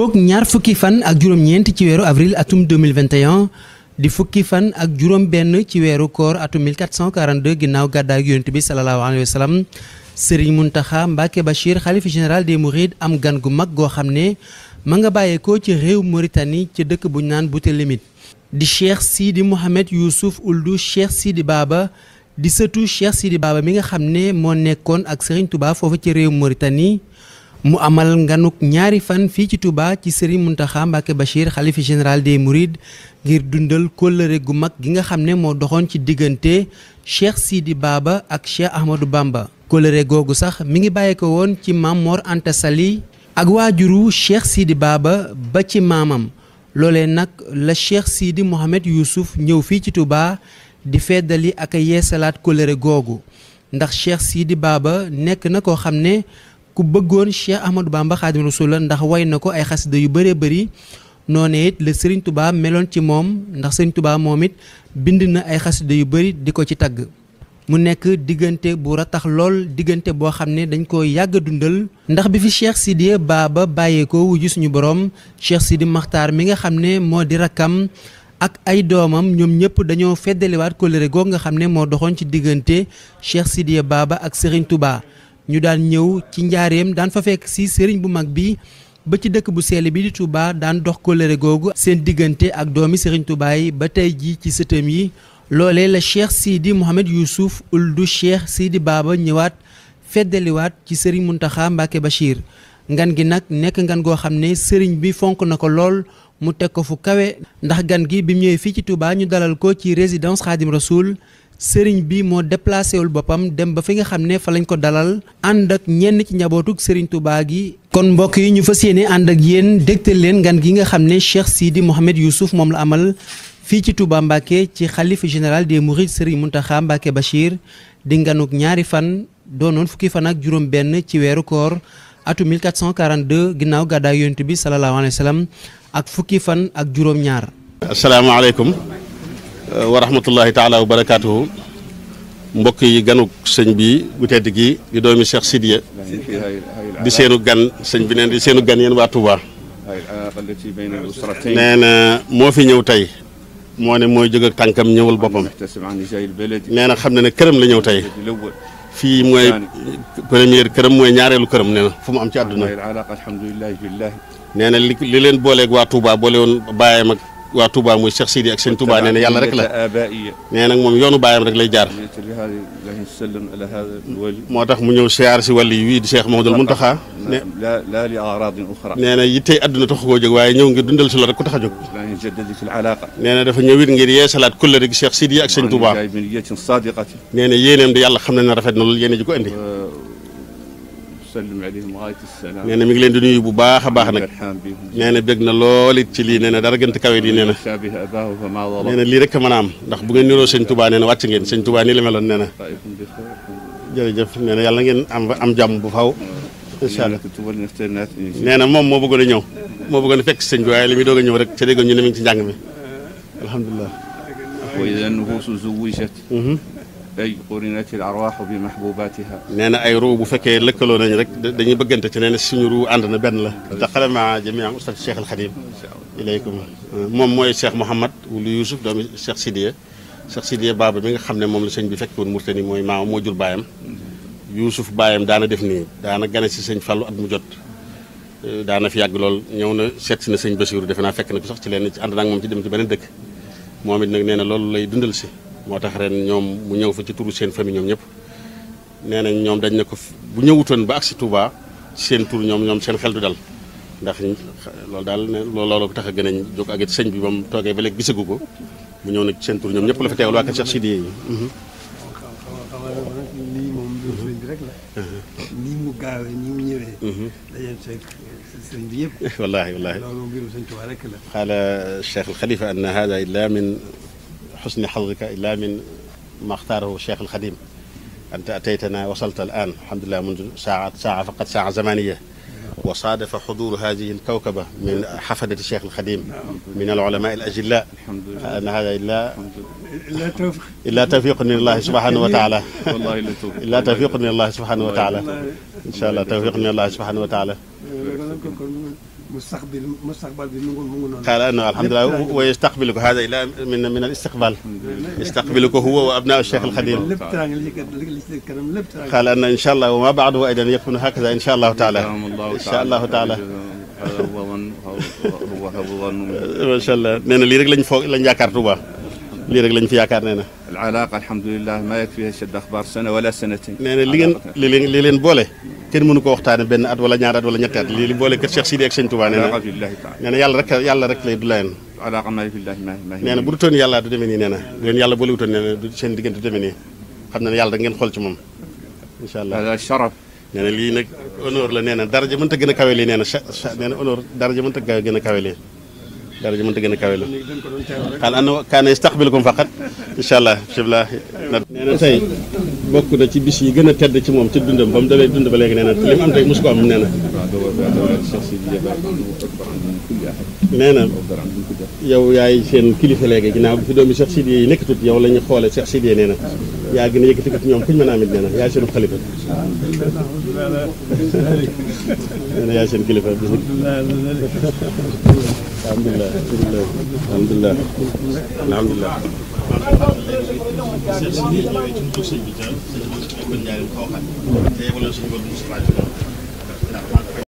dëppook ñaar fukki fan ak juróom-ñeent ci weeru avril atum 2021 di fukki fan ak juróom benn ci weeru koor atum 1442 ginnaaw gàddaay yonent bi salallaahu alayhi wa sallam Serigne Mountakha Mbacké Bachir xalif général de mourides am gan gu mag goo xam ne ma nga bàyyeekoo ci réew Mauritanie ci dëkk bu ñu naan Boutélimite di Cheikh Sidi Mouhamed Youssouf Ould Cheikh Sidi baaba di sëtu Cheikh Sidi baaba mi nga xam ne moo nekkoon ak Serigne Touba foofu ci réew Mauritanie mu amal nganuk ñaari fan fii ci Touba ci Serigne Mountakha Mbacké Bachir xalifa général des Mourides ngir dundal kóllëre gu mag gi nga xam ne moo doxoon ci diggante Cheikh Sidi baaba ak Cheikh Ahmadou Bamba kóllëre googu sax mu ngi bàyyi ko woon ci maam Mor Anta ak waajuru Cheikh Sidi Baba ba ci maamam loolee nag la Cheikh Sidi Mohamed Youssouf ñëw fii ci Touba di feddali ak yeesalaat kóllëre googu ndax Cheikh Sidi Baba nekk na koo xam ne ku bëggoon Cheikh Ahmadou Bamba Xaadimu Rasuul la ndax way na ko ay xasida yu bëree bëri noonee it la Serigne Touba meloon ci moom ndax Serigne Touba moom it bind na ay xasida yu bëri di ko ci tagg. mu nekk diggante bu ratax lool diggante boo xam ne dañ ko yàgg a dundal ndax bi fi Cheikh Sidiye Baba bàyyeekoo wuju suñu borom Cheikh Sidi Maxtaar mi nga xam ne moo di rakkam ak ay doomam ñoom ñëpp dañoo feddaliwaat kóllëre goog nga xam ne moo doxoon ci diggante Cheikh Sidiye Baba ak Serigne Touba. ñu daan ñëw ci njaareem daan fa fekk si sëriñ bu mag bi ba ci dëkk bu seel bi di tubaa daan dox kóllëre googu seen diggante ak doomi sëriñ Touba yi ba tey ji ci sëtëm yi loolee la Cheikh Sidi Mouhamed Youssouf uldu Cheikh Sidi Baba ñëwaat feddaliwaat ci sëriñ Mountakha Mbacké Bachir ngan gi nag nekk ngan goo xam ne sëriñ bi fonk na ko lool mu teg ko fu kawe ndax gan gi bi mu ñëwee fii ci Touba ñu dalal ko ci résidence Khadim Rasoul sëriñ bi moo déplacé wul boppam dem ba fi nga xam ne fa lañ ko dalal ànd ak ñenn ci njabootug sëriñ Touba gi. kon mbokk yi ñu fa yéene ànd ak yéen dégtal leen ngan gi nga xam ne Cheikh Sidi Mouhamed Youssouf moom la amal fii ci Touba Mbacké ci xalifa général des Mourides sëriñ Mountakha Mbacké Bachir di nganuk ñaari fan doonoon fukki fan ak juróom-benn ci weeru koor atu 1442 ginnaaw gàddaay yont bi salallaahu alayhi wa ak fukki fan ak juróom-ñaar. wa rahmatullahi taala wa barakaatuhu mbokk yi ganuk sëñ bi bu tedd gi di doomi Cheikh Sidiya di seenu gan sëñ bi neen di seenu gan yéen waa Touba nee na moo fi ñëw tey moo ne mooy jóg ak tànkam ñëwal boppam nee na xam na ne këram la ñëw tey fii mooy première këram mooy ñaareelu këram ne na fu mu am ci àdduna nee li leen booleeg waa Touba boole woon bàyyam ak waa Touba mooy Cheikh Sidi ak sëñ Touba nee na rek la nee nag moom yoonu baayam rek lay jaar moo tax mu ñëw siyaar si wàll yi wii di moo Mouhamadoul Mountakha nee na yittey àdduna taxu koo jóg waaye ñëw ngir dundal si loolu rek ku tax a jóg nee na dafa ngir yeesalaat kullëre gi Cheikh Sidi ak sëñ Touba nee na yéeneem di xam na ne rafet na loolu yéene ji ko indi nee na mi ngi leen di nuyu bu baax a baax nag nee na bég na lool it ci lii nee na dara gënt kawet yi nee na nee na lii rek mën a am ndax bu ngeen niroo sëñ Touba nee na wàcc ngeen sëñ Touba nii la meloon nee na jërëjëf na yàlla ngeen am am jàmm bu faw incha allah nee na moom moo bëggoon a ñëw moo bëggoon a fekk sëñ bi waaye li muy doog a ñëw rek ca déggoon ñu ne mi ngi ci njàng mi اي قرنت الارواح بمحبوباتها نانا اي روب لكلو نانا رك داني بغنت نانا عندنا بن لا دخل مع جميع استاذ الشيخ الخديم اليكم موم موي الشيخ محمد ولي يوسف دومي الشيخ سيدي الشيخ سيدي باب ميغا خامني موم لا سيني بي مرتني موي ما مو جور يوسف بايام دانا ديف دانا غاني سي سيني فالو اد دانا في ياغ لول نيونا سيت سيني سيني بشير ديفنا فك عندنا موم تي ديم تي بنين دك موميت نك نينا لول moo tax ren ñoom mu ñëw fa ci turu seen famille ñoom ñëpp nee nañ ñoom dañ ne ko bu ñëwutoon ba agsi Touba ci seen tur ñoom ñoom seen xel du dal ndax loolu daal ne loolu ko tax a gën a jóg ak it sëñ bi ba mu toogee ba léegi gisagu ko mu ñëw nag ci seen tur ñoom ñëpp la fa teewal waa kër Cheikh Sidiye yi. nii mu gaawee nii mu ñëwee. dajeem seeg sëriñ bi yëpp. wallaahi wallaahi loolu mbirum sëñ Touba rek la. xaala Cheikh al Khalifa anna hada illa min حسن حظك إلا من ما اختاره الشيخ الخديم أنت أتيتنا وصلت الآن الحمد لله منذ ساعة ساعة فقط ساعة زمانية وصادف حضور هذه الكوكبة من حفدة الشيخ الخديم من العلماء الأجلاء الحمد لله أن هذا إلا إلا توفيق إلا توفيق من الله سبحانه وتعالى والله إلا توفيق من الله سبحانه وتعالى إن شاء الله توفيق من الله سبحانه وتعالى مستقبل مستقبل قال انه الحمد لله ويستقبلك هذا الى من من الاستقبال يستقبلك هو وابناء الشيخ الخديم قال ان ان شاء الله وما بعده ايضا يكون هكذا ان شاء الله تعالى ان شاء الله تعالى ما شاء الله نينا لي رك لا lañ لا نياكار توبا لي رك لا نفي ياكار نينا العلاقة الحمد لله ما يكفيها شد أخبار سنة ولا سنتين نينا لي لي ngeen li leen kenn mënu ko waxtaane benn at wala ñaar at wala ñetti at lii li boole kër Cheikh Sidi ak sëñ Touba nee na nee na yàlla rek yàlla rek lay du layen nee na bu dutoon yàlla du demee nii nee na du leen yàlla boole wutoon nee na du seen diggante du demee nii xam na ne yàlla rek ngeen xool ci moom incha allah sharaf nee na lii nag honneur la nee gën a kawe lii nee na gën a kawe lii daraja mënta gën a kawe la xaal ana faqat incha allah nee na tey bokk na ci bis yi gëna tedd ci mom ci dundam bam dawe dund ba légui néna li am tey mos ko am néna néna yow yaay seen kilifa légui ginaaw fi doomi Cheikh Sidiye yi nekkatut yow lañu xolé Cheikh Sidiye néna na yaa gën a yëkkati ko ci ñoom kuñ mën amit néna na yaay seen xalifa nee na seen kilifa alhamdullah alhamdullah alhamdullah alhamdulilah sëñ bi ñëwee ci suñ bi te sëñ bi ko xaw a te yebaloon suñu borom Moustapha